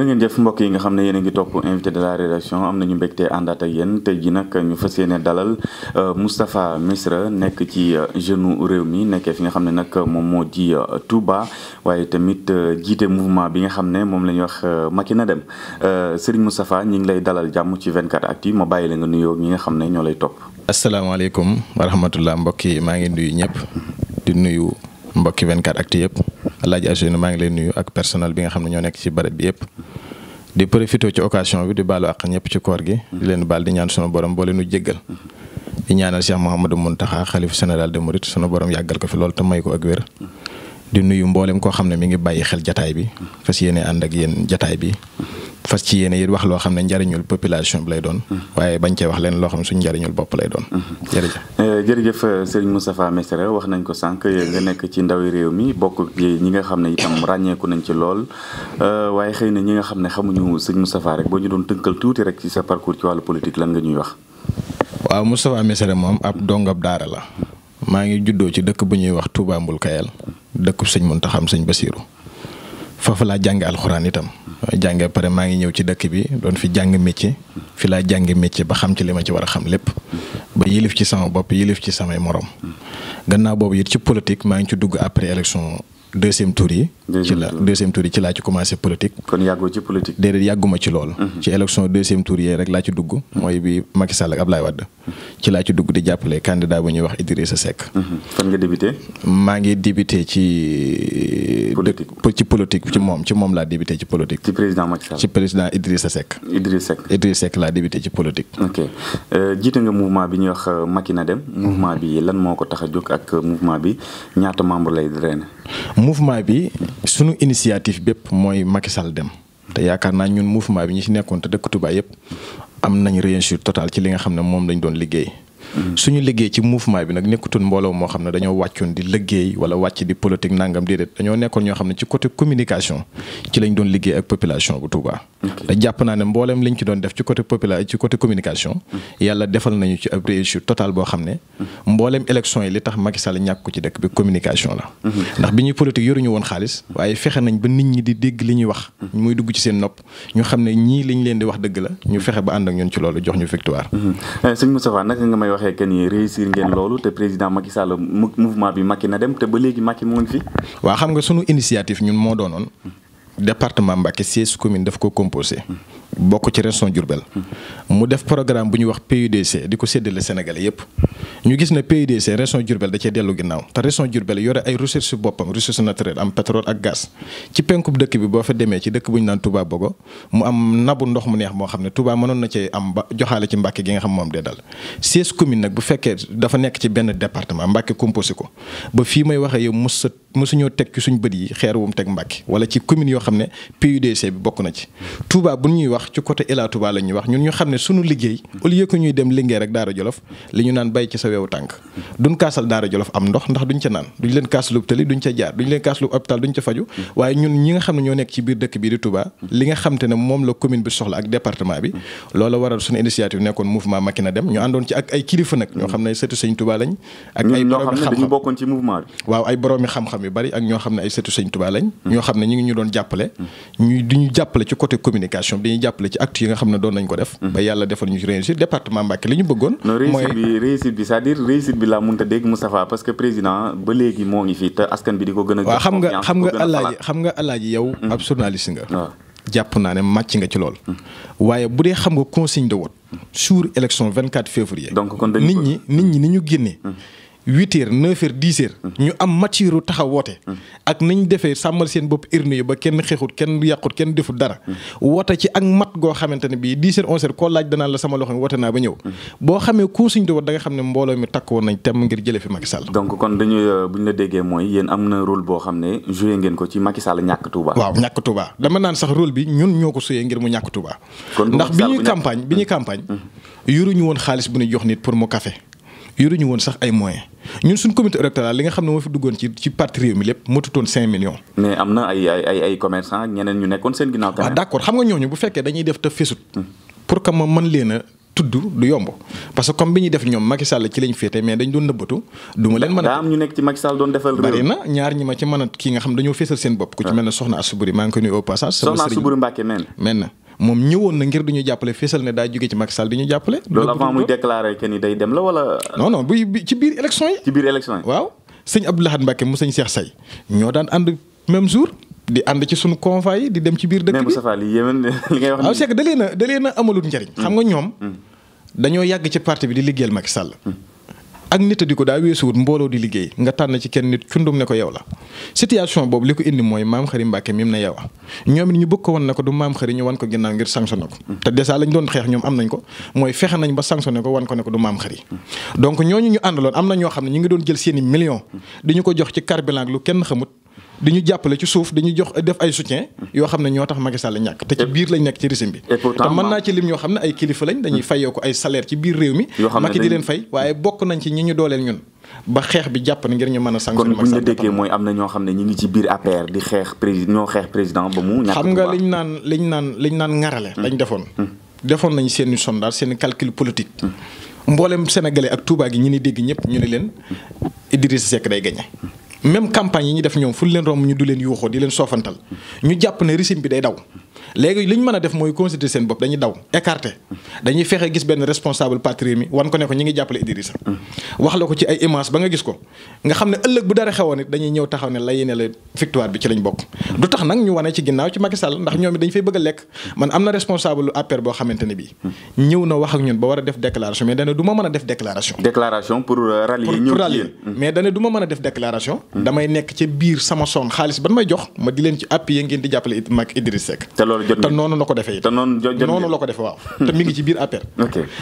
jërë ngeen mbokk yi nga xam ne yéen a ngi topp invité de la rédaction am nañu mbégte àndaat ak yenn tey ji nag ñu fas yéene dalal euh, Moustapha Misra nekk ci euh, jeune réew mi nekkee fi nga xam ne nag moom moo di euh, Touba waaye tamit jiite mouvement bi nga xam ne moom la ñuy wax Macky na dem Serigne Moustapha ñi ngi lay dalal jàmm ci 24 actu ma bàyyi la nga nuyoo ñi nga xam ne ñoo lay topp. asalaamaaleykum wa rahmatullah mbokk yi maa ngi nuyu ñëpp di nuyu. mbokki 24 a yëpp Alaaji Agenou maa ngi lay nuyu ak personnel bi nga xam ne ñoo nekk ci barab bi yëpp di profité ci occasion bi di baalu àq ñëpp ci koor gi di leen baal di ñaan sunu borom boole nu jéggal di ñaanal Cheikh Mouhamadou Mountakha xalifu général de Mouride sunu borom yàggal ko fi loolu te may ko ak wér di nuyu mboolem koo xam ne mi ngi bàyyi xel jataay bi fas yéene ànd ak yéen jataay bi fas ci yéene yit wax loo xam ne njariñul population bi lay doon mm-hmm. waaye bañ cee wax leen loo xam ne suñu njariñul bopp lay doon mm-hmm. jërëjëf eh, jërëjëf eh, Serigne Moustapha Messere wax nañ ko sànq eh, nga nekk ci ndawi réew mi bokk ci ñi nga xam ne itam ràññeeku nañ ci lool waaye xëy na ñi nga xam ne xamuñu Serigne Moustapha rek boo ñu doon tënkal tuuti rek ci sa parcours ci wàllu politique lan nga ñuy wax waaw Moustapha Messere moom ab dongab daara la maa ngi juddoo ci dëkk bu ñuy wax Touba Mbul Kayal dëkk sëñ Muntaxa sëñ Basiiru foofu laa jànge alxuraan itam jànge pare maa ngi ñëw ci dëkk bi doon fi jàng métier fi laa jànge métier ba xam ci li ma ci war a xam lépp ba yilif ci sama bopp yilif ci samay morom gannaaw boobu it ci politique maa ngi ci dugg après élection deuxième tour yi. ci la deuxième tour yi ci laa ci commencé politique. kon yàggoo ci politique. déedéet yàgguma ci loolu. Mhm. ci élection deuxième tour yi rek laa ci dugg. Mhm. mooy bi Macky Sall ak Ablaye Wade. Mhm. ci laa ci dugg di jàppale candidat bu ñuy wax Idrissa Seck. fan nga débuté. maa ngi débuté ci. Euh, politique ci politique ci moom ci moom laa débuté ci politique. ci président Macky Sall ci président Idrissa Seck. Idrissa Seck Idrissa Seck laa débuté ci politique. ok euh, jiite nga mouvement bi ñuy wax euh, Macky na dem. mouvement bi lan moo ko tax a jóg ak mouvement bi ñaata membre lay drainer. mouvement bi sunu initiative bépp mooy Macky Sall dem te yaakaar naa ñun mouvement bi ñu ci nekkoon te dëkk Touba yëpp am nañ réussite totale ci li nga xam ne moom lañ doon liggéey. Mm-hmm. suñu liggéey ci mouvement bi nag nekkutoon mbooloo moo xam ne dañoo wàccoon di liggéey wala wàcc di politique nangam déedéet dañoo nekkoon ñoo xam ne ci côté communication ci lañ doon liggéey ak population bu Touba. te jàpp naa ne mbooleem liñ ci doon def ci côté popula ci côté communication. Hmm. yàlla defal nañu ci ab réussite totale boo xam ne. Hmm. mbooleem élection yi li tax Macky Sall ñàkk ci dëkk bi communication la. Hmm. ndax bi ñuy politique yoruñu woon xaalis. waaye fexe nañ ba nit ñi di dégg li ñuy wax. muy dugg ci seen nopp ñu xam ne ñii liñ leen di wax dëgg la ñu fexe ba ànd ak ñun ci loolu jox ñu victoire. Eh, sëñ Moustapha naka nga may waxee que ni réussir ngeen loolu te président Macky Sall mouvement bi Macky na dem te ba léegi Macky mu ngi fi. waaw xam nga sunu initiative ñun moo doonoon département Mbacké seize communes daf ko composé. bokk ci région Diourbel mu def programme bu ñu wax PUDC di ko séddale Sénégalais yëpp ñu gis ne PUDC région Diourbel da cee dellu ginnaaw te région Diourbel yore ay ressources boppam ressources naturelles am pétrole ak gaz ci penkub dëkk bi boo fa demee ci dëkk bu ñu naan Touba Bogo mu am nabu ndox mu neex moo xam ne Touba mënoon na cee am ba joxaale ci Mbàkke gi nga xam moom dee dal seize commune nag bu fekkee dafa nekk ci benn département Mbàkke composé ko ba fii may waxee mos mosuñoo teg ci suñ bët yi xeer wu mu teg Mbàkke wala ci commune yoo xam ne PUDC bi bokk na ci wax ci côté Ila Touba la wax ñu xam ne sunu liggéey au lieu que ñuy dem liggéey rek Daara Jolof li ñu naan duñ kaasal naan duñ leen kaas lu tali duñ ca jaar duñ waaye ñun ñi nga xam ne ñoo nekk ci biir dëkk bii di Touba li nga xam ne moom la commune bi soxla ak département bi loola waral suñu initiative nekkoon mouvement Makina Dem ñu àndoon ci ak ay kilifa nag ñoo xam ne sëtu sëñ Touba lañ ak ay borom xam-xam bokkoon ci mouvement xam-xam yu bari ak ñoo xam ne lañ ñoo xam ne ñu ngi ñu doon jàppale ñuy di ñu jàppale ci communication bi jàppale ci actes yi nga xam ne doon nañ ko def. Mhm. ba yàlla defal ñu ci réussite département Mbacké li ñu bëggoon. mooy réussite bi réussite bi cest bi laa mënut a dégg Moustapha parce que président ba léegi moo ngi fi te askan bi di ko gën a. Mhm. waaw jàpp naa ne màcc nga ci lool. Mhm. waaye bu dee xam nga consigne de vote. sur élection 24 février. donc kon nit ñi nit ñi ni ñu génnee huit heures neuf heures dix heures. Mm-hmm. ñu am matière taxaw woote. Mm-hmm. ak nañ defee sàmmal seen bopp urne yi ba kenn xeexut kenn yàqut kenn defut dara. Mm-hmm. woote ci ak mat goo xamante ne bii dix heures onze heures koo laaj danaan la sama loxo woote naa ba ñëw. boo xamee ku suñ doon da nga xam ne mbooloo mi woon nañ temm ngir jële fi Macky Sall. donc kon dañuy euh, bu ñu la déggee mooy yéen am na rôle boo xam ne joué ngeen ko ci Macky Sall ñàkk Touba. waaw ñàkk Touba dama naan sax rôle bi ñun ñoo ko suyee ngir mu ñàkk Touba. ndax bi ñuy bi ñuy campagne. yoruñu xaalis bu ñu jox nit pour mu café yoruñu woon sax ay moyens ñun suñ comité électoral li nga xam ne moo duggoon ci ci mi lépp matutoon 5 millions. mais am na ay ay nekkoon seen ginnaaw. waaw ah, nga ñooñu bu fekkee dañuy def te fesut. Hmm. pour que ma mën leen tudd du yomb parce que comme bi ñuy def ñoom Macky Sall ci lañ féete mais dañ doon nëbbatu. du leen mën na ñaar ñi ma ci mën kii nga xam dañoo feesal seen bopp. ku ci ah. mel ne Soxna Asuburi maa ngi koy nuyu au passage. Soxna Asuburi Mbacke men moom ñëwoon na ngir du ñu jàppale fésal ne daa jóge ci Macky Sall di ñu jàppale. loolu avant muy déclaré que ni day dem la wala. non non buy ci biir élection yi. ci biir élection yi waaw. sëñ Abdou Lahad mu sëñ Cheikh Say ñoo daan ànd même jour. di ànd ci suñu convois di dem ci biir dëkk bi Moustapha li yéen li ngay wax. waaw ah, c'est que da leen a amalul njariñ. Hmm. xam nga ñoom. Hmm. dañoo yàgg ci parti bi di liggéeyal Macky Sall. Hmm. ak nit a di ko daa weesuwut mbooloo di liggéey nga tànn ci kenn nit cundum ne ko yow la situation boobu li ko indi mooy maam xëri Mbàkke mim na yow ñoom it ñu bëgg ko wan ne ko du maam xëri ñu wan mm. ñoom am nañ ko mooy fexe nañ ba sanctionné ko wan ko ne mm. donc ñooñu ñu àndaloon am na ñoo xam ne ñu ngi doon jël seeni millions mm. di ñu ko jox ci carburant lu kenn xamut di ñu jàppale ci suuf dañuy jox def ay soutien yoo xam ne ñoo tax Macky Sall ñàkk te ci biir lañ nekk ci risim bi te mën naa ci lim ñoo xam ne ay kilifa lañ dañuy hmm. ko ay salaire ci biir réew mi Macky di leen fay waaye bokk nañ ci ñi ñu dooleel ñun ba bi jàpp ne ngir ñu mën a sanctionné kon bu ñu la déggee mooy am na xam ne ñi ngi ci biir APR di xeex président ñoo xeex président ba mu ñàkk xam nga liñ naan liñ naan liñ naan ngarale lañ hmm. defoon hmm. defoon nañ seen sondage seeni calcul politique mboolem sénégalais ak Touba gi ñi ni dégg ñëpp ñu ne leen Idrissa sek day gagné même campagne yi ñu def ñoom fu leen romb ñu du leen yuuxoo di leen soofantal ñu jàpp ne risim bi day daw léegi li ñu mën a def mooy constituer seen bopp dañuy daw écarter dañuy fexe gis benn responsable patrie mi wan ko ne ko ñi ngi jàppale Idrissa wax la ko ci ay image nga gis ko nga xam ne ëllëg bu dara xewoon it ñëw taxaw ne la yéene la victoire bi ci lañ bokk du tax nag ñu wane ci ginnaaw ci Macky Sall ndax ñoom it dañu fay bëgg a lekk man am na responsable ne bii ñëw na wax ak ñun war a def déclaration mais dane a def déclaration déclaration pour euh, rallier ñëw ci yéen mm. ma mën a def déclaration damay nekk ci biir sama son xaalis ban may jox ma di leen ci appuyer ngeen di jàppale Idrissa Seck loolu jot te noonu la ko defee. te noonu la ko defee waaw. te mi ngi ci biir APR.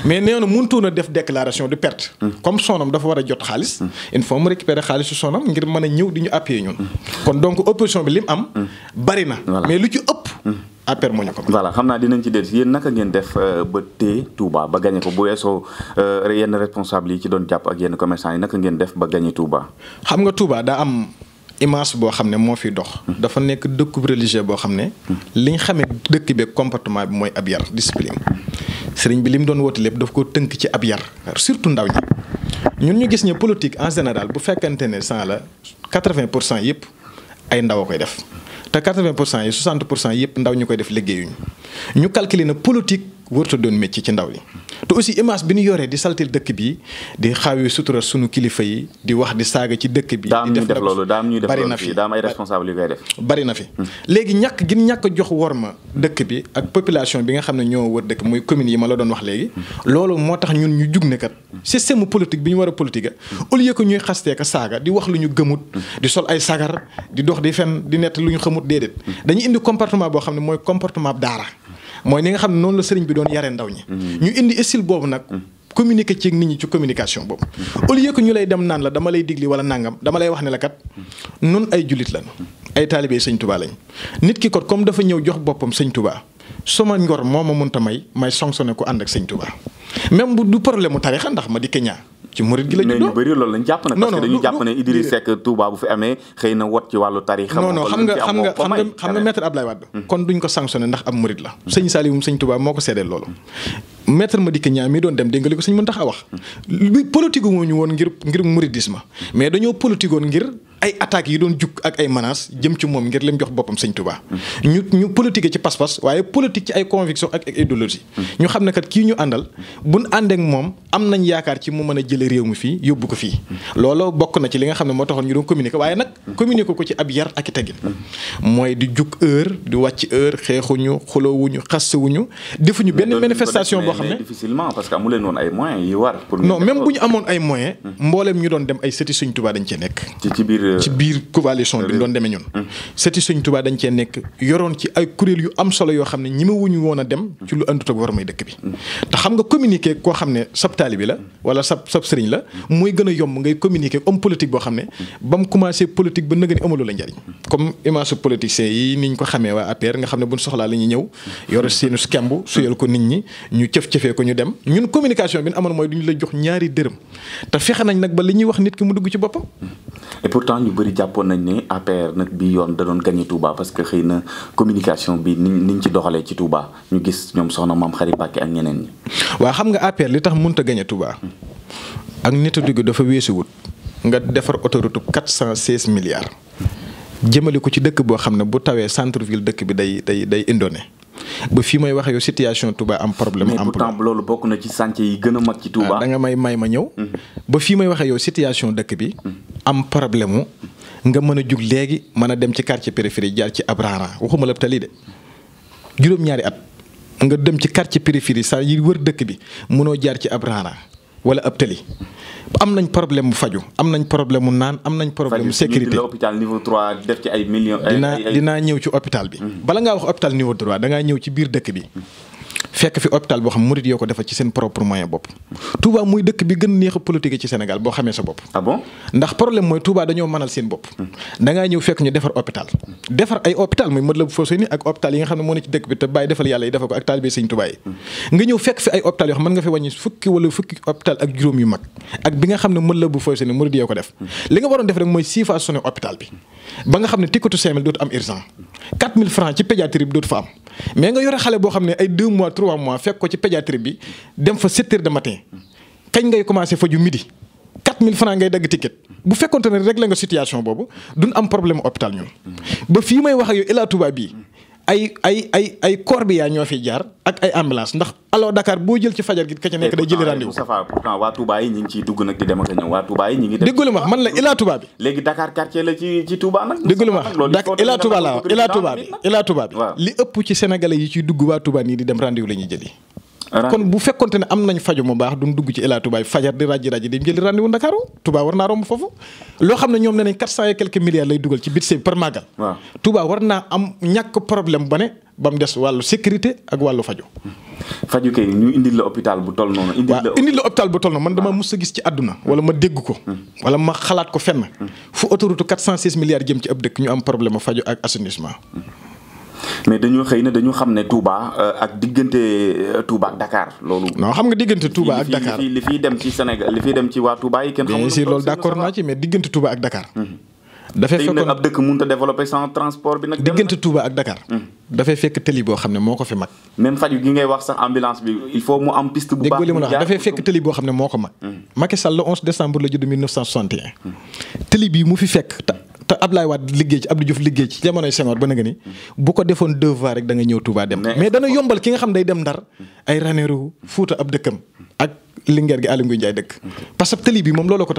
mais nee na mënutoon a def déclaration de perte. Hmm. comme sonam dafa war a jot xaalis. Hmm. il faut mu récupérer xaalis su sonam ngir mën a ñëw di ñu appuyer ñun. Hmm. kon donc opposition bi lim am. bari na mais lu ci ëpp. APR moo ñu ko. voilà xam naa dinañ ci dellu si yéen naka ngeen def euh, ba téye Touba ba gagné ko bu weesoo euh, yenn responsable yi ci doon jàpp ak yenn commerçant yi naka ngeen def ba gagné Touba. xam nga image boo xam ne moo fiy dox. dafa nekk dëkkub religieux boo xam ne. li ñu xamee dëkk bi comportement bi mooy ab yar discipline. seriñ bi li mu doon woote lépp daf ko tënk ci ab yar surtout ndaw ñi ñun ñu gis ne politique en général bu fekkante ne cent la quatre-vingt pour cent yëpp ay ndaw a koy def te quatre-vingt pour cent yi pour cent yëpp ndaw ñu koy def liggéeyuñu ñu calculer na politique. wërta doon métti ci ndaw li te aussi image bi ñu yoree di saltil dëkk bi di xawee sutura suñu kilifa yi di wax di saaga ci dëkk bi. di def loolu daam ñuy def bari na fi daam bari na fi hmm. léegi ñàkk gi ñàkk a jox worma dëkk bi ak population bi nga xam ne ñoo wër dëkk muy communes yi ma la doon wax léegi. Hmm. loolu moo tax ñun ñu jug ne kat hmm. système politique bi ñu war a politique au que ñuy xastee ka saaga di wax lu ñu gëmut. di sol ay sagar di dox di fen di nett lu ñu xamut déedéet. dañuy indi comportement boo xam ne mooy comportement daara mooy ni nga xam ne noonu la sëriñ bi doon yare ndaw ñi. Mhm. ñu indi style boobu nag. Mhm. communiquer ci nit ñi ci communication boobu. Mhm. au lieu que ñu lay dem naan la dama lay digli wala nangam dama lay wax ne la kat nun ay jullit la ay taalibe sëñ Touba lañ nit ki kot comme dafa ñëw jox boppam sëñ Touba sama ngor moo ma mënta may may sanctionné ko ànd ak sëñ Touba même bu du problème mu tarixa ndax ma di Kenya ci murid gi la juddoo mais ñu bëri loolu fi amee xëy na wot ci wàllu tarixa. non non xam nga xam nga xam nga xam nga maître Ablaye Wade. Hmm. kon duñ ko sanctionné ndax am murid la. sëñ Saliou sëñ Touba moo ko seedeel loolu. maître Madické Niang mi doon dem dégg nga li ko sëñ Mountakha wax. Hmm. lu politique ñu woon ngir ngir mouridisme mais dañoo politique woon ngir. ay attaques yi doon jug ak ay menaces jëm ci moom ngir lim jox boppam sëñ Touba. Hmm. politique ci ay conviction ak ay idéologie ñu xam ne kat kii ñu àndal buñ àndeek moom am nañ yaakaar ci mu mën a jële réew mi fii yóbbu ko fii loolu bokk na ci li nga xam ne moo taxoon ñu doon communiquer waaye nag communiquer ko ci ab yar ak i teggin mooy di jug heure di wàcc heure xeexuñu xulowuñu xassewuñu defuñu benn manifestation boo xam ne difficilement parce que amu leen woon ay moyens yi war non même bu ñu amoon ay moyens hmm. mbooleem ñu doon dem ay sëti Sëñ Tuubaa dañ cee nekk ci euh, biir coalition bi doon demee ñi wuñu woon a dem ci lu àndut ak war may dëkk bi te xam nga communiquer koo xam ne sab taalibi la wala sab sab sëriñ la mooy gën a yomb ngay communiquer homme politique boo xam ne ba mu commencé politique ba nëgëni amalu la njariñ comme image politicien yi ko xamee waa APR nga xam ne buñ soxlaa la ñuy ñëw yore seenu skemb suyal ko nit ñi ñu cëf-cëfee ko ñu dem ñun communication bi ñu amoon mooy duñu la jox ñaari dërëm te fexe nañ nag ba li ñuy wax nit ki mu dugg ci boppa et pourtant ñu bëri jàppoon nañ ne APR nag bi yoon da doon gagné Touba parce que xëy na communication bi niñ niñ ci doxalee ci Touba ñu gis ñoom soxna maam xarit Mbàkke ak ñeneen ñi. xam nga APR li tax mënut a gañe Touba ak nitu digg dafa wut nga defar autoroute quatre cent seize milliards jëmale ko ci dëkk boo xam ne bu tawee centre ville dëkk bi day day day indone ba fii may waxee yow situation Touba am problème. am problème mais pourtant loolu bokk na ci chantier yi gën a mag ci Touba. Ah, nga may may ma ñëw. Mm-hmm. ba fii may wax yow situation dëkk bi. Mm-hmm. am problème mu nga mën a jug léegi mën a dem ci quartier périphérie jaar ci Abrahama waxuma la tali de. juróom-ñaari at nga dem ci quartier périphérie saa yi wër dëkk bi mënoo jaar ci ab raana wala ab tëli am nañ problème mu faju am nañ problème mu naan am nañ problème mu sécurité hôpital niveau 3 def millions dinaa dinaa ñëw ci hôpital bi mm-hmm. bala ngaa wax hôpital niveau 3 dangaa ñëw ci biir dëkk bi fekk fi hôpital boo xam murid dëkk bi gën neex a ci Sénégal boo xamee sa bopp. Ah ndax problème mooy Touba dañoo mënal seen bopp. Hmm. da ñëw fekk ñu defar hôpital. defar ay hôpital muy hmm. mën nga fi wàññi fukki wala fukki hôpital ak juróom yu mag ak bi nga xam ne Matlaboul Fawzayni murid yoo ko def. Hmm. li nga waroon def rek mooy siifa sonné bi ba nga xam ne tikkatu 5000 dootu am urgent francs ci pédiatrie bi dootu fa am mais nga yore xale boo xam ne ay 2 trois a fekk ko ci pédiatrie bi dem fa sept de matin kañ ngay commencé faju midi quatre mille francs ngay dagg ticket bu fekkonte ne réglé nga situation boobu duñ am problème hôpital ñun ba fii may wax ak yow Ila Touba ay ay ay ay corbillard ñoo fi jaar ak ay ambulance ndax alors Dakar boo jël ci fajar gi ka ca nekk day jëli rendez-vous waa Touba yi ngi ciy dugg nag di dem waa Touba yi ngi dem déglu ma man la Ila Touba bi léegi Dakar quartier la ci ci Touba nag déglu ma Ila Touba la Ila Touba bi bi li ëpp ci sénégale yi ciy dugg waa Touba nii di dem rendez-vous la ñuy jëli kon bu fekkonte ne am nañ fajo mu baax duñ dugg ci Ila Touba fajar di ràjji ràjji di jëli rendez-vous Ndakaaru Touba war naa romb foofu loo xam ne ñoom ne nañ quatre cent et quelques milliards lay dugal ci budget bi par màggal Touba war naa am ñàkk problème ba ne ba mu des wàllu sécurité ak wàllu fajo faju kay ñu indil la hôpital bu toll noonu indil la indil la hôpital bu toll man dama mus a gis ci àdduna wala ma dégg ko hmm. wala ma xalaat ko fenn hmm. fu autoroute 406 milliards jëm ci ab dëkk ñu am problème faju ak assainissement hmm. mais dañoo xëy na dañu xam ne Touba euh, ak diggante euh, Touba ak Dakar loolu. non xam nga diggante Touba ak Dakar li fiy dem ci Sénégal li fiy dem ci waa Touba yi. kenn xamul bien sûr loolu d'accord naa ci mais diggante ak Dakar. dafay fekkoon nag ab dëkk mënut bi nag. diggante Touba ak Dakar. Mhm. Mhm. dafay fekk tëli boo xam ne moo ko fi mag. même faju gi ngay wax sax ambulance bi il faut mu am piste bu baax. dégg nga dafay fekk tëli boo xam ne moo ko mag. Mhm. Macky Sall le 11 décembre la judd 1961. tëli bii mu fi fekk te Ablaye Wade liggéey ci Abdou Diouf liggéey ci jamonoy Senghor ba nga ni bu ko defoon deux fois rek da nga ñëw Touba dem mais dana yombal ki nga xam day dem Ndar ay Ranérou Fuuta ab dëkkam Linguère gi Aly Ngouille Ndiaye dëkk parce que tali bi moom looloo boo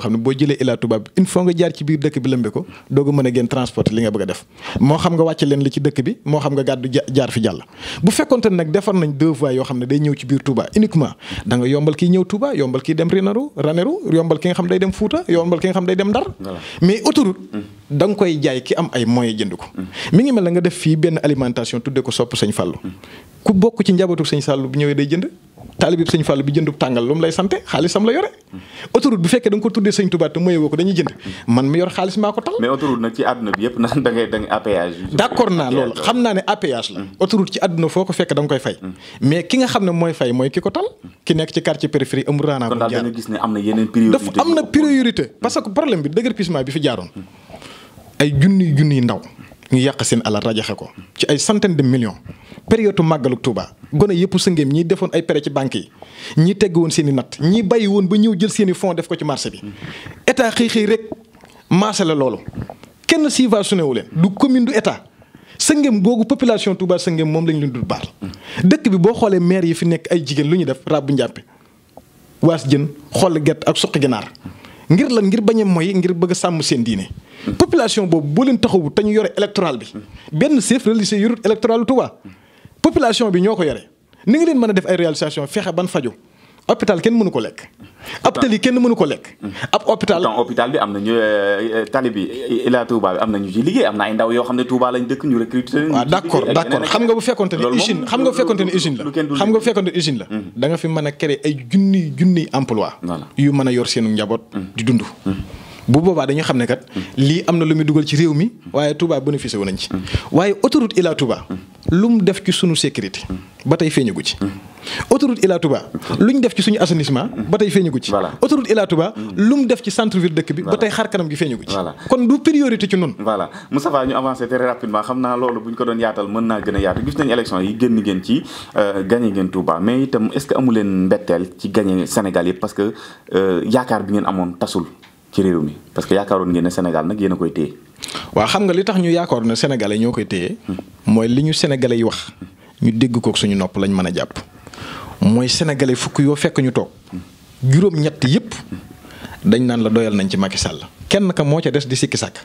xam ne boo jëlee Ila Touba bi il faut nga jaar ci biir dëkk bi lëmbe ko doog a mën a génn transporter li nga bëgg a def moo xam nga wàcce leen li ci dëkk bi moo xam nga gàddu jaar fi jàll bu fekkonte nag defar nañ deux yoo xam ne day ñëw ci biir Touba uniquement da yombal kii ñëw Touba yombal kii dem Ranérou Ranérou yombal ki nga xam day dem Fouta yombal ki nga xam day dem Ndar mais autoroute. da koy jaay ki am ay moyens jënd ko. mi ngi mel na nga def fii benn alimentation tuddee ko sopp sëñ Fallou. ku bokk ci njabootu sëñ Fallou bu ñëwee day jënd. taalibib sëñ Fallou bi jëndub tàngal lu mu lay sante xaalisam la yore autoroute bu fekkee da tuddee sëñ Touba te mayewoo ko dañuy jënd man mi yor xaalis maa ko tal mais na da ngay da ngay appayage d'accord naa loolu mm. ko fekk koy fay mm. mais ki nga xam ne mooy fay mooy ki ko tal ki nekk ci quartier périphérie amul raanaa ko jaar dafa am na priorité parce que problème bi déguerpissement bi fi jaaroon mm. ay junniy junniy ndaw ñu yàq seen alal rajaxe ko ci ay centaine de millions période màggalu Touba gone yëpp sëngéem ñi defoon ay prêt ci banque yi ñi tegg woon seen i natt ñi bàyyi woon ba ñëw jël seeni i def ko ci marché bi état xëy xëy rek marché la loolu kenn subventionné wu leen du commune du état sëngéem googu population Touba sëngéem moom lañu leen du baal dëkk bi boo xoolee maire yi fi nekk ay jigéen lu ñu def ràbbu njàmpe waas jën xool gerte ak suqi ginaar ngir lan ngir bañ a mooy ngir bëgg a sàmm seen diine. population boobu boo leen taxawu te yore électoral bi. benn chef religieux yorut électoral Touba. population bi ñoo ko yore ni nga leen mën a def ay réalisation fexe ban fajo hôpital kenn mënu ko lekk. ab tali kenn mënu ko lekk. ab hôpital bi am na ñu euh, euh, tali bi Ila euh, Touba am na ñu ci liggéey am na ndaw yoo xam ne Touba lañ dëkk ñu recruter. waaw d' accord d' accord xam nga bu fekkonte ne usine xam nga bu fekkonte ne usine la xam hmm. nga fi mën a créer ay junniy junniy emploi yu mën a yor seenu njaboot hmm. di dund. Hmm. bu boobaa dañu xam ne kat lii am na lu muy dugal ci réew mi waaye Touba bénéficié wu nañ ci. waaye autoroute Ila Touba lu mu def ci suñu sécurité ba tey feeñagu ci. autoroute Ila Touba lu ñu def ci suñu assainissement ba tey feeñagu ci. autoroute Ila Touba lu mu def ci centre ville dëkk bi. ba tey xar kanam gi feeñagu ci. kon du priorité ci noonu. voilà Moustapha ñu avancé très rapidement xam naa loolu bu ñu ko doon yaatal mën naa gën a yaatu gis nañu élection yi génn ngeen ci euh, gagné ngeen Touba mais itam est-ce que amu leen mbetteel ci gagné Sénégal yi parce que euh, yaakaar bi ngeen amoon tasul. ci réew mi parce que yaakaaroon ngeen ne Sénégal nag yéen a koy téye. waaw xam nga li tax ñu yaakaar ne sénégalais ñoo koy téye. mooy li ñu sénégalais yi wax. ñu dégg ko suñu nopp lañ mën a jàpp. mooy sénégalais fukk yoo fekk ñu toog. juróom-ñett yëpp. dañ naan la doyal nañ ci Macky Sall. kenn ka moo ca des di sikki sàkk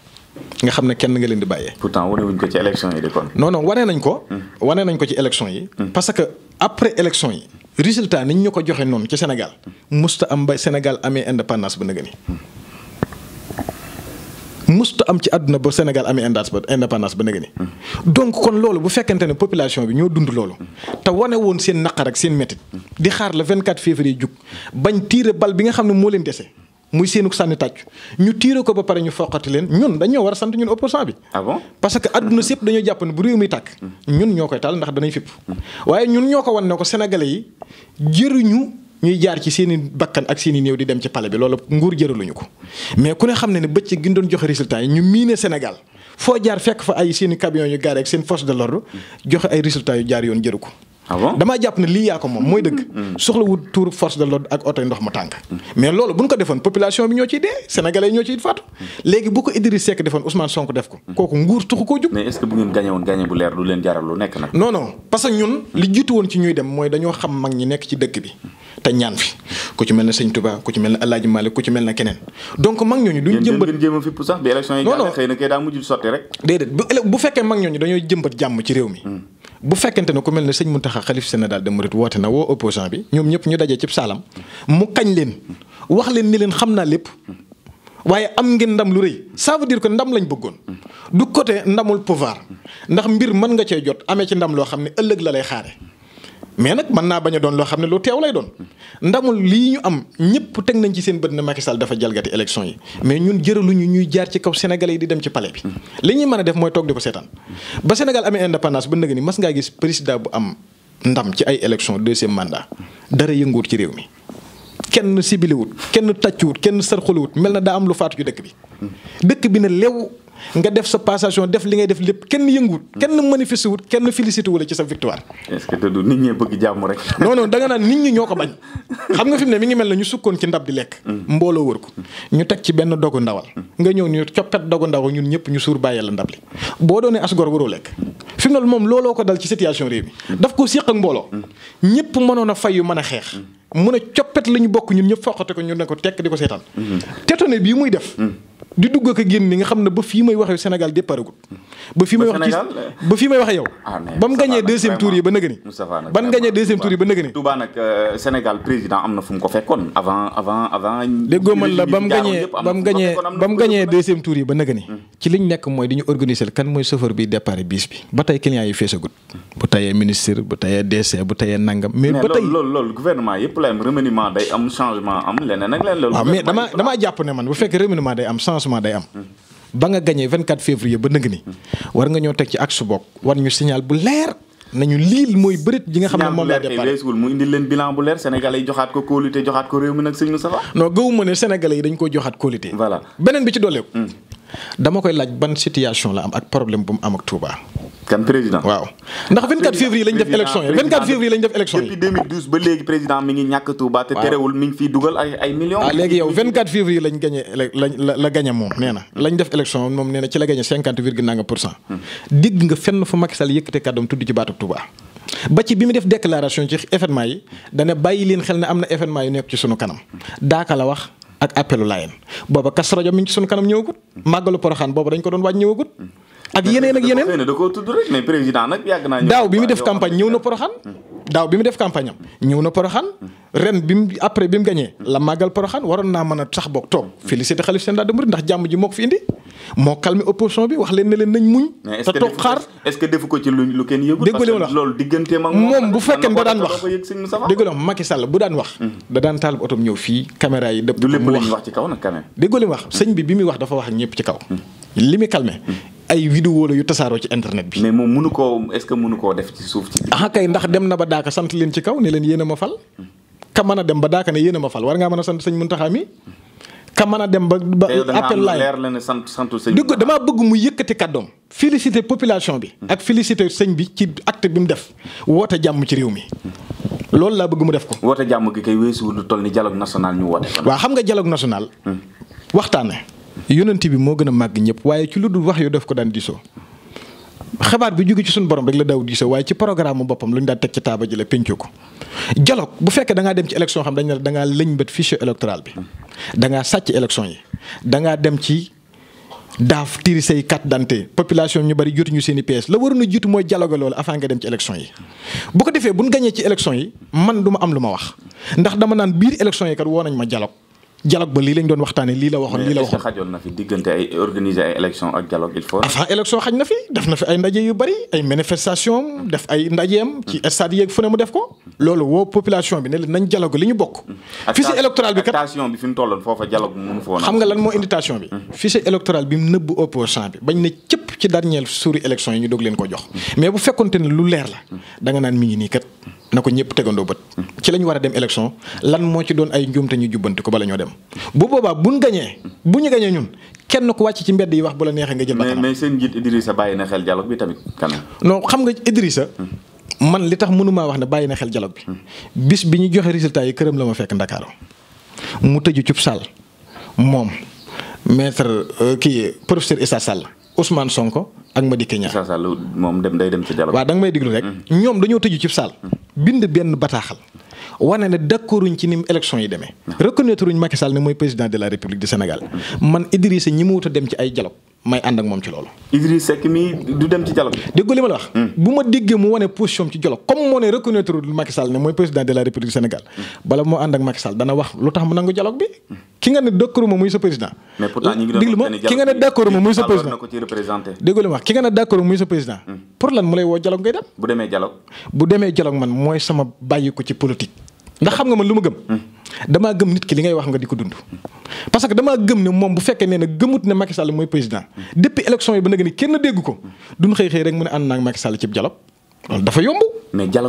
nga xam ne kenn nga leen di bàyyee. pourtant wane wuñ ko ci élection yi di kon. non non wane ko. Hmm. wane nañ ko ci élection yi. Hmm. parce que après élection yi. résultat niñ ñu ko joxee noonu ci Sénégal. musta am ba Sénégal amee indépendance ba nëgëni. Hmm. mësut am ci àdduna ba Sénégal amee indépendance ba nag ni donc kon loolu bu fekkente ne population bi ñoo dund loolu te wane woon seen naqar ak seen métit di xaar le 24 février jug bañ tiire bal bi nga xam ne moo leen dese muy seenu sànni tàcc ñu tiire ko ba pare ñu foqati leen ñun dañoo war a sant ñun opposant bi. ah parce que adduna sépp dañoo jàpp ne bu réew mi tàkk. ñun ñoo koy taal ndax danañ fipp waaye ñun ñoo ko wan ne ko sénégalais yi ñuy jaar ci seen i bakkan ak seen i néew di dem ci pale bi loolu nguur jëraluñu ko mais ku ne xam ne ne bëccëg gi ñu doon joxe résultat yi ñu miine Sénégal foo jaar fekk fa ay seen i camions yu gaare ak seen force de l'ordre joxe ay résultats yu jaar yoon jëru ko. Ah damaa jàpp ne lii yaa ko moom mooy dëgg. Mm. Mm. soxla wut tour force de l'ordre ak oto ndox ma tànk. mais loolu bu ñu ko defoon population bi ñoo ci dee sénégalais ñoo ciy faatu. léegi bu ko Idriss Seck def ko. kooku nguur tuxu koo jug. mais est-ce que bu ngeen leen jaral nekk nag. non non parce ñun. li jiitu woon ci ñuy dem mooy dañoo xam mag ñi nekk ci dëkk bi te ñaan fi ku ci mel ne sëñ tubaa ku ci mel ne El Hadj Malick ku ci mel ne keneen donc mag ñooñu duñ jëmbat yéen jéem a fipp sax bi élection yi jàll xëy na kay daa mujj sotti rek déedéet bu fekkee mag ñooñu dañoo jëmbat jàmm ci réew mi hmm. bu fekkente ne ku mel ne sëñ Mountakha xalif Sénégal de woote na woo opposant bi ñoom ñëpp ñu dajee cib saalam mu kañ leen wax leen ni leen xam naa lépp waaye am ngeen ndam lu rëy ça veut dire que ndam lañ bëggoon hmm. du côté ndamul pouvoir ndax mbir mën nga cee jot amee ci ndam loo xam ne ëllëg la lay xaare mais nag mën naa bañ doon loo xam ne lu teew lay doon ndamul lii ñu am ñëpp teg nañ ci seen bët na Macky Sall dafa jalgati élection yi mais ñun jëraluñu ñuy jaar ci kaw Sénégalais yi di dem ci pale bi. li ñuy mën a def mooy toog di ko seetaan ba Sénégal amee indépendance ba nag ni mas ngaa gis président bu am ndam ci ay élection deuxième mandat dara yënguwut ci réew mi. kenn sibiliwut kenn tàccuwut kenn sarxuluwut mel na daa am lu faatu ci dëkk bi dëkk bi ne lew. nga def sa passation def li ngay def lépp kenn yënguwut kenn manifesté wut kenn félicité wu la ci sa victoire. est nit ñi bëgg jàmm rek. non non da naan nit ñi ñoo ko bañ xam nga fi ne mi ngi mel na ñu sukkoon ci ndab di lekk. Mm. mbooloo wër ko ñu teg ci benn dogu ndawal. Mm. nga ñëw ñu coppet dogu ndawal ñun ñëpp ñu suur bàyyee la ndab li boo doonee as gor waroo lekk. fi moom looloo ko dal ci situation réew mi mm. daf ko séq ak mbooloo ñëpp mënoon a fay yu mën a xeex. mu ne coppet la ñu bokk ñun ñëpp foqate ko ñu ne ko tekk di ko seetaan. tétone bii muy def. di dugg ak a génn nga xam ne ba fii may wax Sénégal déparagul ba fii ba fii may wax yow ah, ba mu gañee deuxième tour yi ba nëgëni ci liñ nekk mooy di ñu organiser kan mooy chauffeur bi départ bis bi ba tey clients yi feesagut bu tayee ministre bu tayee DC bu tayee nangam mais ba tey loolu loolu gouvernement yëpp la am remaniement day am changement am leneen ak leneen loolu waaw mais dama damaa jàpp ne man bu fekk remaniement day am changement avancement day am. ba nga gagné 24 février ba nëgg ni war nga ñoo teg ci ak su bokk war ñu signal bu leer. nañu lii mooy bërit ji nga xam ne moom la départ mu indi leen bilan bu leer sénégalais joxaat ko kóolute joxaat ko réew mi nag sëñ Moustapha non gëwuma ne sénégalais yi dañ ko joxaat kóolute beneen bi ci dooleeku hmm. dama koy laaj ban situation la am ak problème bu mu am ak Touba. kan président waaw. ndax 24 février lañ def élection yi 24 février lañ def élection yi. depuis 2012 ba léegi président mi ngi ñàkk Touba. te terewul mi ngi fiy dugal ah, lañ gagné la la moom nee na lañ def élection moom nee na ci la gagné 50 virgule nanga pour cent. Hmm. digg nga fenn fu Macky Sall yëkkate kàddoom tudd ci baatu Touba. ba ci bi mu def déclaration ci événement yi dana bàyyi leen xel ne am na événement yu nekk ci sunu kanam daaka a wax. ak appelu Layeen booba Kazu Rajab mi ngi ci sunu kanam ñëwagut màggalu Poroxaan booba dañ ko doon waaj ñëwagut ak yeneen ak yeneen xëy na da koo tudd rek mais président nag yàgg mm. daaw bi mu def campagne ñëw na poroxan daaw bi mu def campagne ñëw na poroxan mm. ren bi mu après bi mu gañee mm. la màggal poroxan waroon naa mën a sax boog toog félicité xalif seen daal de murid ndax jàmm ji moo ko fi indi moo calmé opposition bi wax leen na leen nañ muñ te toog xaar est-ce que defu loolu digganteem ak moom bu fekkee da daan wax déggoo leen wax Macky Sall bu daan wax da daan taal bu otom ñëw fii caméra yi dëpp du wax ci bi bi muy wax dafa wax ñëpp ci kaw li muy ay vidéo la yu tasaaroo ci internet bi. mais moom mënu koo est-ce que mënu koo def ci suuf ci. ah kay ndax dem na ba daaka sant leen ci kaw ni leen yéen a ma fal. ka mën a dem ba daaka ne yéen a ma fal war ngaa mën a sant sëñ Muntaxa ka mën a dem ba ba appel laay leer la ne sant santu sëñ dëgg damaa bëgg mu yëkkati kàddoom félicité population bi. Hmm. ak félicité sëñ bi ci act bi mu def woote jàmm ci réew mi. loolu laa bëgg mu def ko. woote jàmm gi kay weesuwul lu toll ni dialogue national ñu woote. waa xam nga dialogue national. Hmm. waxtaane yonent bi moo gën a màgg ñëpp waaye ci lu dul wax yu def ko daan diisoo xabaar bi jóge ci suñu borom rek la daw diisoo waaye ci programme boppam lu ñu daan teg ci taaba ji la ko dialogue bu fekkee da dem ci élection xam dañ ne da ngaa lëñbët fichier électoral bi da ngaa sàcc élection yi dangaa dem ci daaf tiri say carte dante population ñu bari jotuñu seen i pièces la waroon a jiitu mooy dialogue loolu avant nga dem ci élection yi bu ko defee bu nu gañee ci élection yi man du ma am lu ma wax ndax dama naan biir élection yi kat woo nañ ma dialogue dialogue ba lii lañ doon waxtaanee lii la waxoon lii la waxoon. xajoon na fi diggante ay organiser xaj na fi def na fi ay ndaje yu bari ay manifestation def ay ndajeem. ci stade yeeg fu ne mu def ko. loolu woo population bi ne leen nañ dialogue li ñu bokk. Mm-hmm. fichier électoral bi kat fi mu tolloon foofa dialogue mënu fa woon xam nga lan moo inditation tension bi. Mm-hmm. fichier électoral bi mu nëbbu opposant bi bañ ne cëpp ci dernier suuri élection yi ñu doog leen ko jox. Mm-hmm. mais bu fekkonte ne lu leer la. da nga naan mi ngi nii kat na ko ñëpp tegandoo bët. ci la ñu war a dem élection lan moo ci doon ay njuumte ko bala ñoo dem bu boobaa buñ gañee bu ñu gañee ñun kenn ku wàcc ci mbedd yi wax bu la neexee nga jël. mais mais seen njiit Idrissa bàyyi na xel dialogue bi tamit kan. non xam nga Idrissa. Hmm. man li tax mënumaa wax ne bàyyi na xel dialogue bi. Hmm. bis bi ñu joxe résultat yi këram la ma fekk Ndakaaru mu tëju cub Sall moom maître euh, kii professeur Issa Sall Ousmane Sonko ak Madické Niang. Issa Sall moom dem day dem ci dialogue. waaw da nga may diglu rek. Hmm. ñoom dañoo tëju cib saal bind benn bataaxal. wane ne d'accorduñ ci ni élection yi demee. Ah. reconnaître uñ Macky Sall ne mooy président de la République du Sénégal. Ah. man Idrissa ñi mu wut a dem ci ay dialogue may ànd moom ci loolu. Idriss Seck mi du dem ci dialogue. dégg li ma la wax. Hmm. bu ma déggee mu wane position ci dialogue comme moo ne reconnaître Macky Sall ne mooy président de la République Sénégal. Hmm. bala moo ànd ak Macky dana wax lu tax mu nangu dialogue bi. Hmm. ki nga ne d'accord ma muy sa président. mais pourtant ki nga ne d'accord ma muy sa président dégg li ma wax ki nga ne d'accord ma muy sa président. pour lan mu lay woo dialogue ngay dem. bu demee dialogue. bu demee man mooy sama bàyyi ko ci ndax xam nga man lu ma gëm. damaa gëm nit ki li ngay wax nga di ko dund. parce que damaa gëm ne moom bu fekkee nee na gëmut ne Macky Sall mooy président depuis élection yi ba nag ni kenn dégg ko duñ xëy xëy rek mu ne ànd naa ak Macky Sall cib dialogue loolu dafa yomb.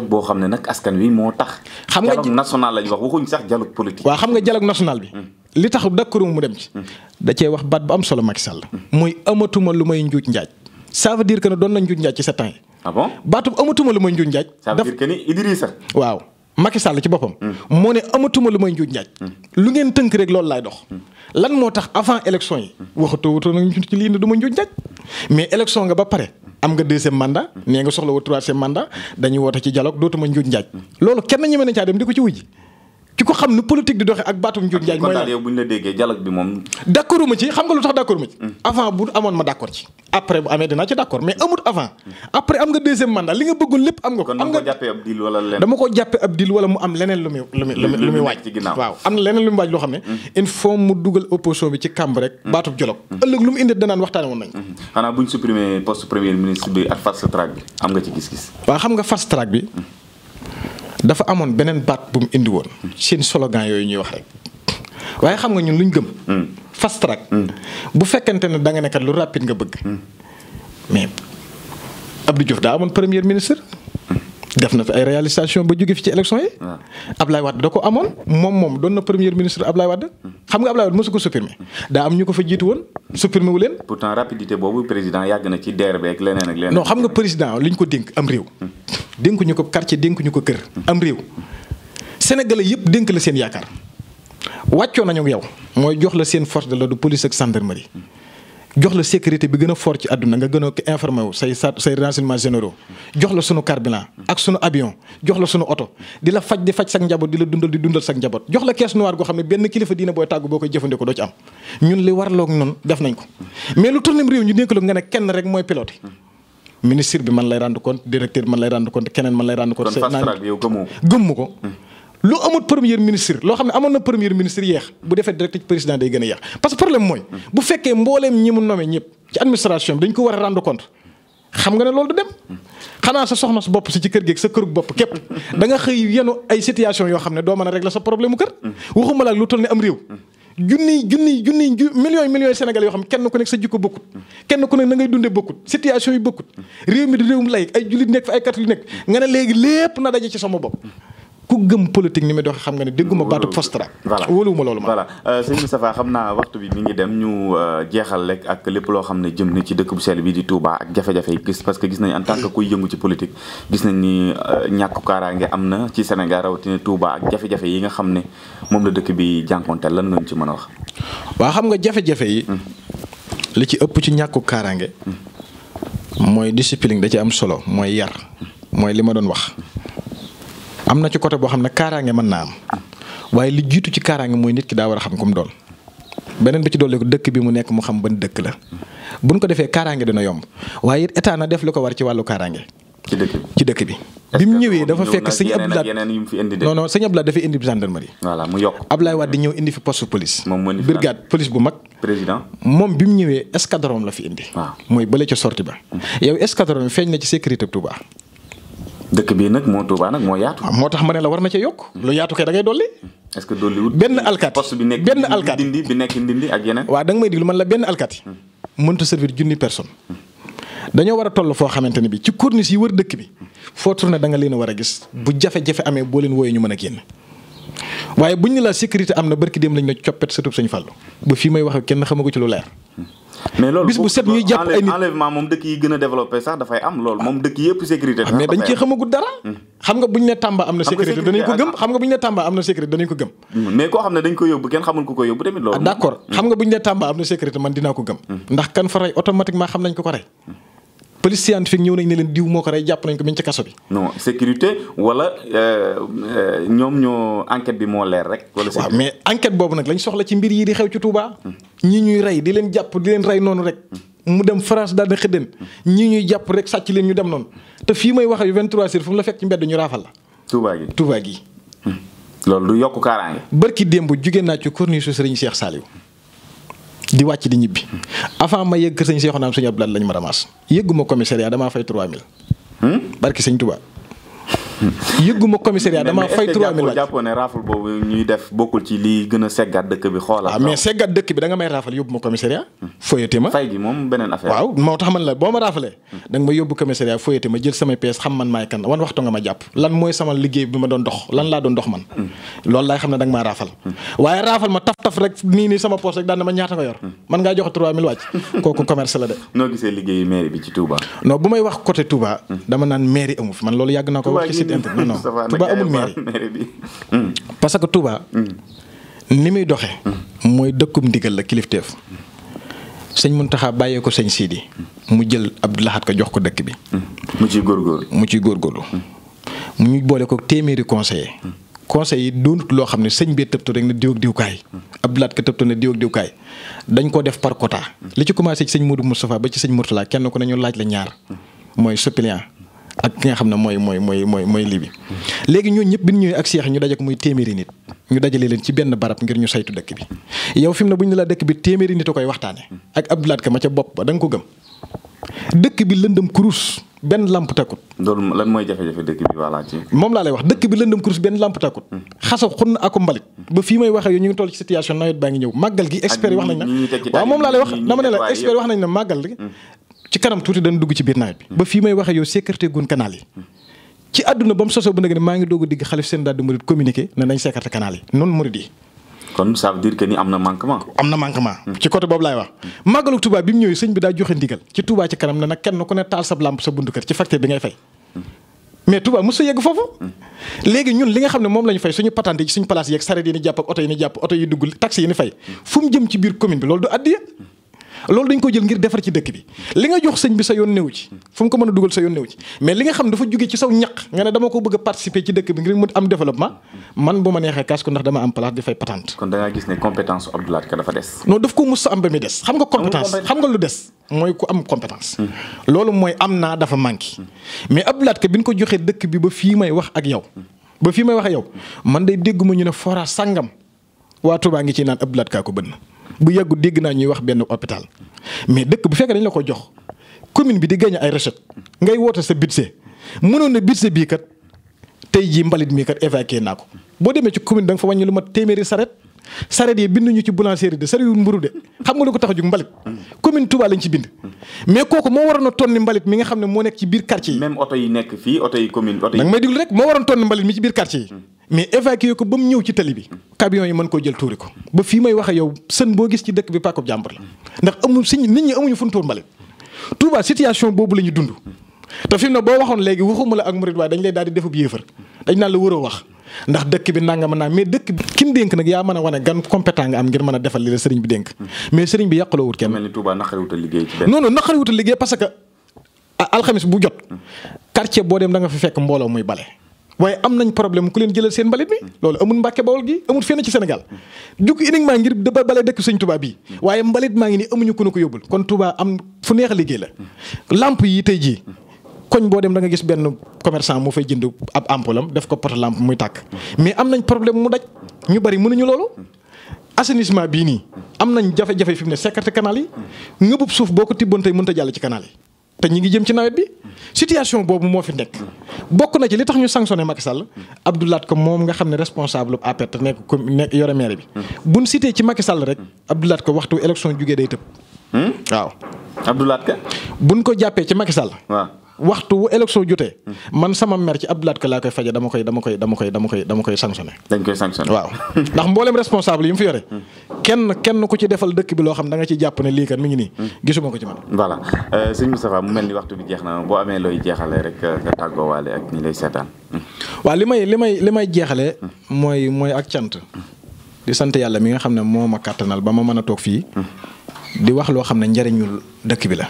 boo xam ne nag askan wi moo tax. xam nga dialogue lañ wax waxuñ sax dialogue politique. waaw xam nga dialogue national bi. Hmm. li tax d'accord mu dem ci. Hmm. da cee wax baat bu am solo Macky Sall. mooy amatuma lu may njuuj njaaj. ça veut dire ne doon na njuuj njaaj ci sept ans yi. ah amatuma lu may njuuj njaaj. ça veut dire waaw Macky Sall ci boppam. moo ne amatuma lu may njuuj njaaj. lu ngeen tënk rek loolu laay dox. lan moo tax avant élection yi. waxatoo wutoon nañu ci lii ne du ma njuuj njaaj. mais élection nga ba pare. am nga deuxième mandat. nee nga soxla wu troisième mandat. dañuy woote ci dialogue dootuma njuuj njaaj. loolu kenn ñeme na caa dem di ko ci wujji ki ko xam nu politique di doxee ak baatum Ndiour Ndiaye. mooy daal yow bu ñu la déggee dialogue bi moom. d' ci xam nga lu tax d' ci. Mm. avant bu amoon ma d' ci. après bu amee dinaa ci d' mais amut avant. Mm. après am nga deuxième mandat li nga bëggoon lépp am nga ko. dama ko jàppee ab deal wala mu am leneen lu muy. waaj waaw am na leneen lu muy waaj loo xam ne. Mm. il faut mu dugal opposition bi ci kàmb rek. baatub dialogue. ëllëg lu mu indi danaan waxtaane dafa amoon beneen baat bu mu indi woon seen slogan yooyu ñuy wax rek waaye xam nga ñun lu ñu gëm. Hmm. fast track. Hmm. bu fekkente ne da nga nekkat lu rapide nga bëgg. Hmm. mais Abdou Diouf daa amoon premier ministre. def na fi ay réalisation ba jóge fi ci élection yi. Ah. Ablaye Wade da ko amoon moom moom doon na premier ministre Ablaye Wade. xam nga Ablaye Wade mosu ko supprimer daa am ñu ko fa jiitu woon supprimer wu leen. pourtant rapidité boobu président yàgg na ci DRB ak leneen ak leneen. xam nga président li ñu ko dénk am réew. dénkuñu ko quartier ñu ko kër. am réew sénégalais yëpp dénk la seen yaakaar wàccoo nañu ak yow mooy jox la seen force de l'ordre police ak gendarmerie jox la sécurité bi gën a fort ci àdduna nga gën a informé wu say sa say jox la sunu carburant ak sunu avion jox la sunu oto di la faj di faj sak njaboot di la dundal di dundal sak njaboot jox la ne benn kilifa diina booy tàggu boo koy jëfandikoo doo ci am ñun li warloog lu toll ñu dénk la nga ne kenn rek mooy pilote. ministre bi man lay rendre compte directeur bi man lay rendre compte keneen man lay rendre compte. kon gëmmu ko. Hmm. lu amut premier ministre loo xam ne amoon na premier ministre yeex bu defee direct ci président day gën a yeex parce que problème mooy. Hmm. bu fekkee mbooleem ñi mu nommé ñëpp ci administration bi dañ ko war a rendre compte. xam nga ne loolu du dem hmm. xanaa sa soxna sa bopp si ci kër gi sa kërug bopp képp da xëy yenu ay situation yoo xam ne doo mën a régler sa problème mu kër. waxuma am réew. junniy junniy junniy millions yi millions yi Sénégal yoo xam kenn ku nekk sa jikko bokkut kenn ku nekk na ngay dundee bokkut situation yi bokkut réew mi di réewum lay ay jullit nekk fa ay catholique nekk nga ne léegi lépp na daje ci sama bopp ku gëm politique ni muy doxee xam nga ne dégguma baatu fostra voilà wóoluwuma loolu ma voilà euh, sëñ Moustapha xam naa waxtu bi mi ngi dem ñu euh, jeexal lekk ak lépp loo xam ne jëm na ci dëkk bu sell bi di Touba ak jafe-jafe yi que gis nañ en tant que kuy yëngu ci politique gis nañ ni euh, ñàkku am na ci Sénégal rawatina Touba ak jafe yi nga xam ne moom la dëkk bi jànkonteel lan lañ ci mën a wax waa xam nga jafe-jafe yi hmm. li ci ëpp ci ñàkku kaaraange hmm. mooy discipline da ci am solo mooy yar hmm. mooy li ma doon wax am na ci côté boo xam ne kaaraange mën naa am waaye li jiitu ci kaaraange mooy nit ki daa war a xam ku mu doon beneen bi ci dolli ko dëkk bi mu nekk mu xam ban dëkk la buñ ko defee kaaraange dina yomb waaye it état na def li ko war ci wàllu kaaraange. ci dëkk bi ci dëkk bi. bi mu ñëwee dafa fekk sëñ Abdoulaye non non sëñ Abdoulaye dafa indi gendarmerie. voilà mu yokk Abdoulaye Wade di ñëw indi fi poste police. moom brigade police bu mag. moom bi mu ñëwee escadron la fi indi. waaw mooy bële ca sorti ba. yow escadron feeñ ci sécurité Touba. dëkk bii nag moo Touba nag moo yaatu. Ah, moo tax ma ne la war na cee yokk. lu yaatu kay da ngay dolli. est-ce que dolli wut benn alkaati nekk benn alkaati dindi bi ak yeneen. waaw da nga may diglu man la benn alkaati. Hmm. mënut a servir junni personne. dañoo war a toll foo xamante ne bi ci corniche yi war dëkk bi foo tourné da nga leen war a gis bu jafe-jafe amee boo leen wooyee ñu mën a génn waaye buñ la sécurité am na barki dem lañ ne coppet sa tub sañ fàllu ba fii may wax kenn xamagu ci lu leer hmm. mais loolu bis bu set ñuy jàpp ay nit enlèvement moom dëkk yi gën a développé sax dafay am loolu moom dëkk yëpp sécurité. Ah, mais dañ cee xamagul dara. Hmm. xam nga buñ ne Tamba am na. sécurité danañ ko gëm nga buñ ne Tamba am na sécurité danañ ko gëm. mais koo xam ne dañ ko yóbbu kenn xamul ku ko yóbbu tamit loolu. Ah, d'accord hmm. xam nga buñ ne Tamba am na sécurité man dinaa ko gëm. Hmm. ndax kan fa rey automatiquement xam nañ ko ko rey police scientifique ñëw nañ ne leen diw moo ko rey jàpp nañ ko mi ngi ci kaso bi. non sécurité wala euh, euh, ñoom ñoo enquête bi moo leer rek. wala waaw mais enquête boobu nag lañ soxla ci mbir yi di xew ci Touba. Hmm. ñi ñuy rey di leen jàpp di leen rey noonu rek. Hmm. mu dem France daal di xëddeen hmm. ñi ñuy jàpp rek sàcc leen ñu dem noonu te fii may wax yu 23h fu mu la fekk ci mbedd ñu raafal la. Touba gi Touba gi. loolu du yokk kaaraange. barki démb jugee naa ci corniche su Serigne Cheikh Saliou di wàcc di ñibbi avant ma yëg kër sëñ Seexuna am sëñ Abdou Lahad lañ ma ramasse yëgguma commissariat damaa fay 3000. Hmm? barki sëñ Touba. yëgguma commissariat damaa fay 3000 waaj jàppoon ne raafal boobu ñuy def bokkul ci lii gën a ah, moo tax man la boo ma raafalee da nga ma yóbbu commissariat jël samay pièces xam man maay kan wan waxtu ma jàpp lan mooy sama liggéey bi ma doon dox lan laa doon dox man loolu laay xam ne da nga raafal waaye raafal ma taf taf rek nii nii sama poche rek daan ma ñaata nga yor man ngaa joxe 3000 waaj kooku commerce la de noo gisee liggéeyu mairie bi ci Touba non bu may wax côté Touba hmm. dama site internet non non amul mairie bi hmm. parce que Touba. Hmm. ni muy doxe hmm. mooy dëkkum ndigal la kilifteef. sëñ Muntaxa bàyyee ko sëñ Sidi. mu jël ab Lahad ko jox ko dëkk bi. mu ciy góorgóorlu mu ciy góorgóorlu. mu ñu boole ko téeméeri conseiller conseil yi doonut loo xam ne sëñ bee tëbtu rek ne diw ak ab Abdou Lahad ka tëbtu ne diw ak dañ ko def par quota. li ci commencé ci sëñ Modou Moustapha ba ci sëñ Mourtala kenn ko ne ñu laaj la ñaar mooy suppléant ak ki nga xam ne mooy mooy mooy mooy mooy lii bi léegi ñooñu ñëpp bi ñu ñëwee ak seex ñu dajak muy téeméeri nit ñu dajale leen ci benn barab ngir ñu saytu dëkk bi yow fi mu ne bu ñu la dëkk bi téeméeri nit a koy waxtaane ak abdulaat ka ma ca bopp ba da nga ko gëm dëkk bi lëndëm kurus benn lamp takkut. loolu mooy jafe-jafe dëkk bi voilà wax dëkk bi lëndëm kurus benn lamp takkut. Hmm. xasa xun ako mbalit. ba fii may waxee yow ñu ngi toll ci situation nawet baa ngi ñëw màggal gi. expert wax nañ na waaw moom laa lay wax dama ne la expert wax nañ na màggal gi hmm. ci kanam tuuti dañu dugg ci biir nawet bi. Mm. ba fii may waxee yow sécurité gun canal yi. Mm. ci àdduna ba mu sosoo ba nag ne maa ngi doog a digg xalif seen daal na manquement. am na manquement. Mm. ci côté laay wax. màggalu Touba bi mu ñëwee sëñ bi daa joxe ndigal ci Touba ci kanam ne nag a yegg foofu. léegi ñun moom la ñu fay suñu patante ci suñu place biir commune bi loolu du addiya loolu dañ ko jël ngir defar ci dëkk bi li nga jox sëñ bi sa yoon néew ci fu mu ko mën a dugal sa yoon néew ci mais li nga xam ne dafa jóge ci saw ñaq nga ne dama ko bëgg a participer ci dëkk bi nga mu am développement man bu ma neexee kaas ko ndax dama am place di fay patente. kon da ngaa gis ne compétence Abdou Lahad Ka dafa des. daf ko mus sa am ba mi des xam nga compétence xam nga lu des mooy ku am compétence. Hmm. loolu mooy am naa dafa manqué hmm. mais Abdou Lahad Ka bi ñu ko joxee dëkk bi ba fii may wax ak yow hmm. ba fii may wax yow man day dégg ma ñu ne forage sàngam waa Touba ngi ciy naan Abdou Lahad Ka ko bu yàggu dégg naa ñuy wax benn hôpital mais dëkk bu fekkee dañ la ko jox commune bi di gagné ay recettes ngay woote sa budget mënoon na budget bii kat tey jii mbalit mii kat évacué naa ko boo demee ci commune da a jug mbalit commune Touba lañ ci bind moo waroon a tonni biir quartier yi même oto yi nekk fii oto yi commune oto may diglu rek moo waroon tonni mbalit mi ci biir quartier yi mais évacué ko ba mu ñëw ci tali bi camion yi mën koo jël tuuri ko ba fii may waxee yow sën boo gis ci dëkk bi pàkkob jàmbur la ndax amu si nit ñi amuñu funtóor mbalit Touba situation boobu la ñu dund te fi mu ne boo waxoon léegi waxuma la ak murid waaye dañ lay daal di defub yéefar dañ naan la waroo wax ndax dëkk bi nangama naa mais dëkk bi kim dénk nag yaa mën a wane gan compétent nga am ngir mën a defal li la sëriñ bi dénk mais sëriñ bi yàqaloo wut kenn non non naqariwuta liggéey parce que alxamis bu jot quartier boo dem da fi fekk mbooloo muy bale waaye am nañ problème ku leen jëlal seen mbalit mi loolu amul Mbàkke Bawol gi amul fenn ci Sénégal dugg uniquement ngir da bale dëkk sëñ Touba bii waaye mbalit maa ngi ni amuñu ku nu ko yóbbul kon Touba am fu neex a liggéey la lamp yi tey jii koñ boo dem danga gis benn commerçant mu fay jënd ab ampoule am def ko poto làmp muy tàkk mais am nañ problème mu daj ñu bari mënuñu loolu assainissement bii nii am nañ jafe-jafe fi mu ne sekkati kanaal yi ngëbub suuf boo ko tibboon tey mënta jàll ci canal yi te ñi ngi jëm ci nawet bi situation boobu moo fi nekk bokk na ci li tax ñu sanctionné Macky Sall Abdoulaat ko moom nga xam ne responsable APR te nekk commune nekk yore maire bi. buñ cité ci Macky Sall rek Abdoulaat ko waxtu élection jugee day tëb. Hmm? waaw. Abdoulaat ka buñ ko jàppee ci Macky Sall. waxtu wu élection man sama mer ci Abdou Lahad laa koy faje dama koy dama koy dama koy dama koy dama koy sanctionné. dañ koy sanctionné waaw ndax mboolem responsable yi mu fi yore. Hmm. kenn kenn ku ci defal dëkk bi loo xam da danga ci jàpp ne lii kat mi ngi nii. Hmm. gisuma ko ci man. voilà euh, sëñ Moustapha mu mel ni waxtu bi jeex na boo amee jeexalee rek euh, nga tàggoowaale ak ñi lay seetaan. Hmm. waaw li may li may li may jeexalee. mooy mooy ak cant. di sant yàlla mi nga xam ne moo ma kàttanal ba ma mën a toog fii. di wax loo xam ne njëriñul dëkk bi la.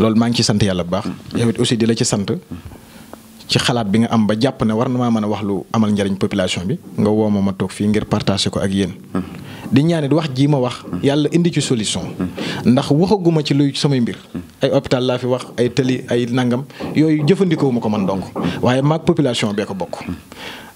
loolu maa ngi ci sant yàlla bu baax. Mm-hmm. yow it aussi di la ci sant. ci xalaat bi nga am ba jàpp ne war na maa mën a wax lu amal njariñ population bi nga woo ma ma toog fii ngir partager ko ak yéen. Mm-hmm. di ñaanit wax ji ma wax. Mm-hmm. yàlla indi ci solution. ndax waxaguma ci luy samay mbir. ay hôpital laa fi wax ay tëli ay nangam yooyu jëfandikoo ma ko man donc waaye maag population bee ko bokk.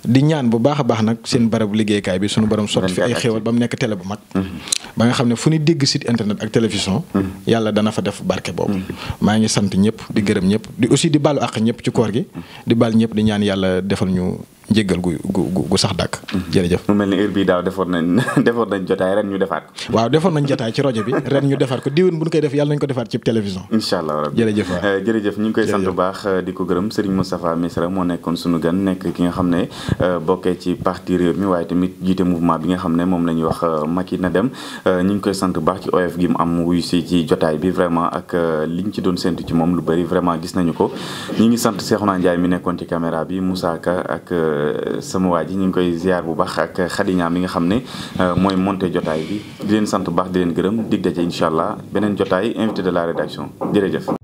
di ñaan bu baax a baax nag seen barabu liggéeykaay bi suñu borom sotti fi ay xéewal ba mu nekk télé bu mag. Mm-hmm. ba nga xam ne fu ñu dégg site internet ak télévision. Mm-hmm. yàlla dana fa def barke boobu. Mm-hmm. maa ngi sant ñëpp di gërëm ñëpp di aussi di baalu àq ñëpp ci koor gi. di baal ñëpp di ñaan yàlla defal ñu njëggal gu gu gu sax dàkk. Mhm. jërëjëf mu mel ni heure bii daaw defoon nañ defoon nañ jotaay ren ñu defaat. waaw defoon nañ jotaay ci rajo bi ren ñu defaat ko diwén bu nu koy def yàlla nañ ko defaat ci télévision. incha allah rabbi jërëjëf waaw euh, jërëjëf ñu ngi koy sant baax euh, di ko gërëm Serigne Moustapha Misra moo nekkoon sunu gan nekk ki nga xam ne euh, bokkee ci parti réew mi waaye tamit jiite mouvement bi nga xam ne moom la ñuy wax Macky na dem ñu ngi koy sant bu baax ci oyof gi mu am wuyu si ci jotaay bi vraiment ak liñ ci doon séntu ci moom lu bari vraiment gis nañu ko ñu ngi sant Cheikhouna Ndiaye mi nekkoon ci caméra bi Moussa Ka ak sama waa ji ñu ngi koy ziar bu baax ak xadiñaa mi nga xam ne euh, mooy monté jotaay bi di leen sant bu baax di leen gërëm dig daje incha allah beneen jotaay invité de la rédaction jërëjëf